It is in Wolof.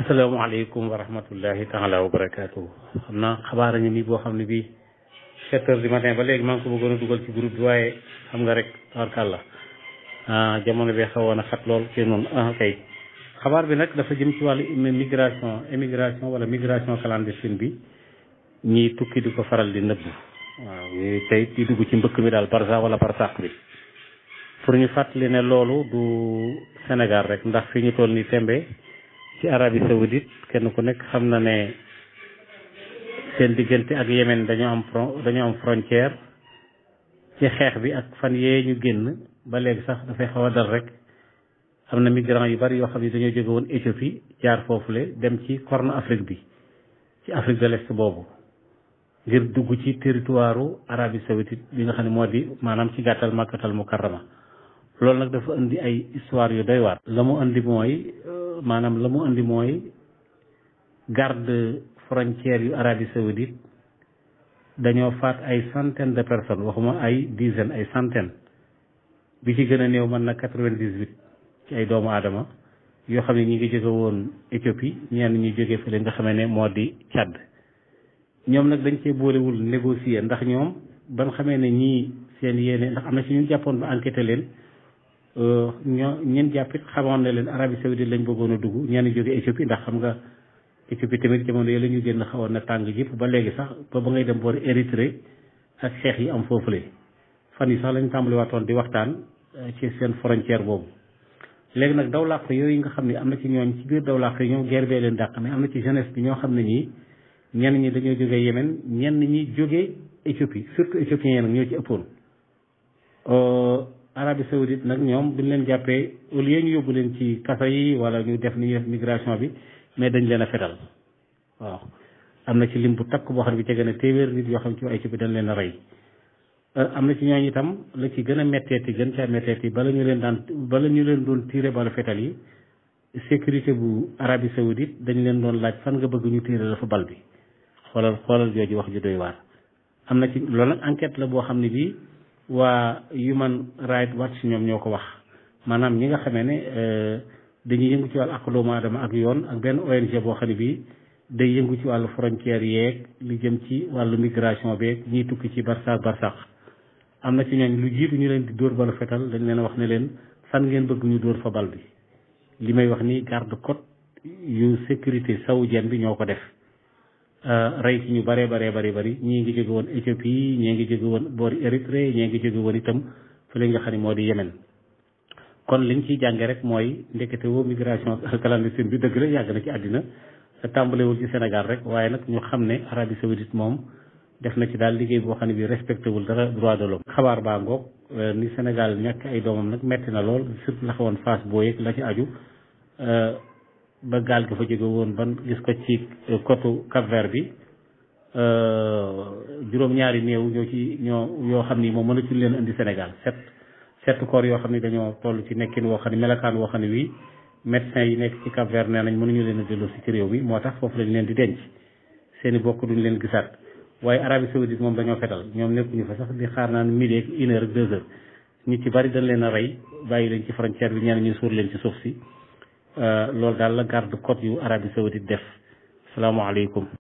asalaamaaleykum wa rahmatullahi taala wa barakaatu xam naa xabaar ñu nii boo xam ne bii sept heures du matin ba léegi maa ngi ko bëggoon a dugal ci groupe bi waaye xam nga rek tabarkàlla ah, jamono bi xawoon a xat lool kenn noonu ah kay xabaar bi nag dafa jëm ci wàllu migration émigration wala migration clandestine bi ñiy tukki di ko faral di nëbb waaw ñuy tey di dugg ci mbëkk mi daal barsa wala barsaq bi pour ñu fàttali ne loolu du Sénégal rek ndax fi ñu ci Arabie Saoudite kenn ku nekk xam na ne seen diggante ak Yémen dañoo am front dañoo am frontière ci xeex bi ak fan yee ñu génn ba léegi sax dafay xaw a dal rek am na migrants yu bari yoo xam ne dañoo jóge woon Éthiopie jaar foofu le dem ci Corne Afrique bi ci Afrique de l'Est boobu ngir dugg ci territoire Arabie Saoudite bi nga xam ne moo di maanaam ci gàttal Makkatal Mukarrama loolu nag dafa indi ay histoire yu doy waar la mu indi mooy maanaam la mu andi mooy garde frontière yu Arabie saoudite dañoo faat ay centaine de personnes waxuma ay dizaine ay centaine bi ci gën a néew mën na quatre vingt dix ci ay doomu aadama yoo xam ne ñi ngi jóge woon Éthiopie ñenn ñu jóge fële nga xamee ne moo di Tchad ñoom nag dañ cee boolewul négocier ndax ñoom ba ban xamee ne ñii seen yéene ndax am na si ñu jàppoon ba enquêté leen Euh, ñoo ñen jàpp it xamoon na leen Arabie Saoudite lañ bëggoon a dugg ñenn jóge Éthiopie ndax xam nga Éthiopie tamit jamono yooyu la ñu génn xawoon na tàng yëpp ba léegi sax ba ba ngay dem boori Érythrée ak yi am foofule fan yi sax lañ tàmbali waatoon di waxtaan euh, seen frontière boobu léegi nag daw làq yooyu nga xam ne am na ci ñooñ ci biir daw làq yi ñoom leen dàq mais am na ci jeunesse bi ñoo xam ne ñii ñenn ñi dañoo jógee Yémen ñenn ñi jógee Éthiopie surtout éthiopiens yi nag ñoo ci ëppoon euh, Arabie Saoudite nag ñoom bu ñu leen jàppee au lieu ñu yóbbu leen ci kaso yi wala ñu def ni ñuy def migration bi mais dañ leen a fetal waaw am na ci lim bu takk boo xam ne bi jege na téeméer nit yoo xam ci ay ci bi dañ leen rey euh, am na ci ñooñu itam la ci gën a metteeti gën caa metteeti bala ñu leen daan bala ñu leen doon tiire bala fetal yi sécurité bu Arabie Saoudite dañ leen doon laaj fan nga bëgg ñu tiire bi xoolal xoolal wax ju doy am na ci loolu nag la boo xam ne bii waa Human Rights Watch ñoom ñoo ko wax maanaam ñi nga xamee ne eh, dañuy yëngu ci wàll ak doomu aadama ak yoon ak benn ONG boo xam ne bii day yëngu ci wàllu frontière yeeg li jëm ci wàllu migration beeg ñiy tukki ci barsax barsax am na ci ñooñ lu jiitu ñu leen di dóor balu fetal dañ leen wax ne leen fan ngeen bëgguñu ñu dóor fa bal bi li may wax ni garde côte yu sécurité saoudienne bi ñoo ko def Euh, rey ci ñu bare bare bari bari ñii ngi jóge woon Éthiopie ñii ngi jóge woon boori Érythrée ñii ngi jóge woon itam fële nga xam ne moo di Yémen kon liñ ciy jànge rek mooy ndekete woo migration clandestine bi dëgg la yàgg na ci àddina tàmbalewul ci Sénégal rek waaye nag ñu xam ne Arabie Saoudite moom def na ci daal liggéey boo xam ne bii respecté wul dara droit de l'homme xabaar baa ngoog euh, ni Sénégal ñàkk ay doomam nag metti na lool surtout la xawoon boo yeeg ci aju euh, ba gaal gi fa jóge woon ban gis ko ci euh, coto Cap-Vert bi euh, juróom-ñaari néew ñoo ci ñoo yoo xam ni moom mënatul leen indi Sénégal set set koor yoo xam ni dañoo toll ci nekkin woo xam ne melakaan woo xam ne wii médecins yi nekk ci Cap-Vert nee nañ mënuñu leen a delloo si ci réew mi moo tax foofu lañ leen di denc seen i bokk duñ leen gisaat waaye Arabie Saoudite moom dañoo fetal ñoom nekkuñu fa sax di xaar naan midi ak une heure deux heures ñi ci bari dañ leen a rey bàyyi leen ci frontière bi ñeneen ñu suur leen ci suuf si Euh, loolu daal la garde côte yu Arabie Saoudite def salaamaaleykum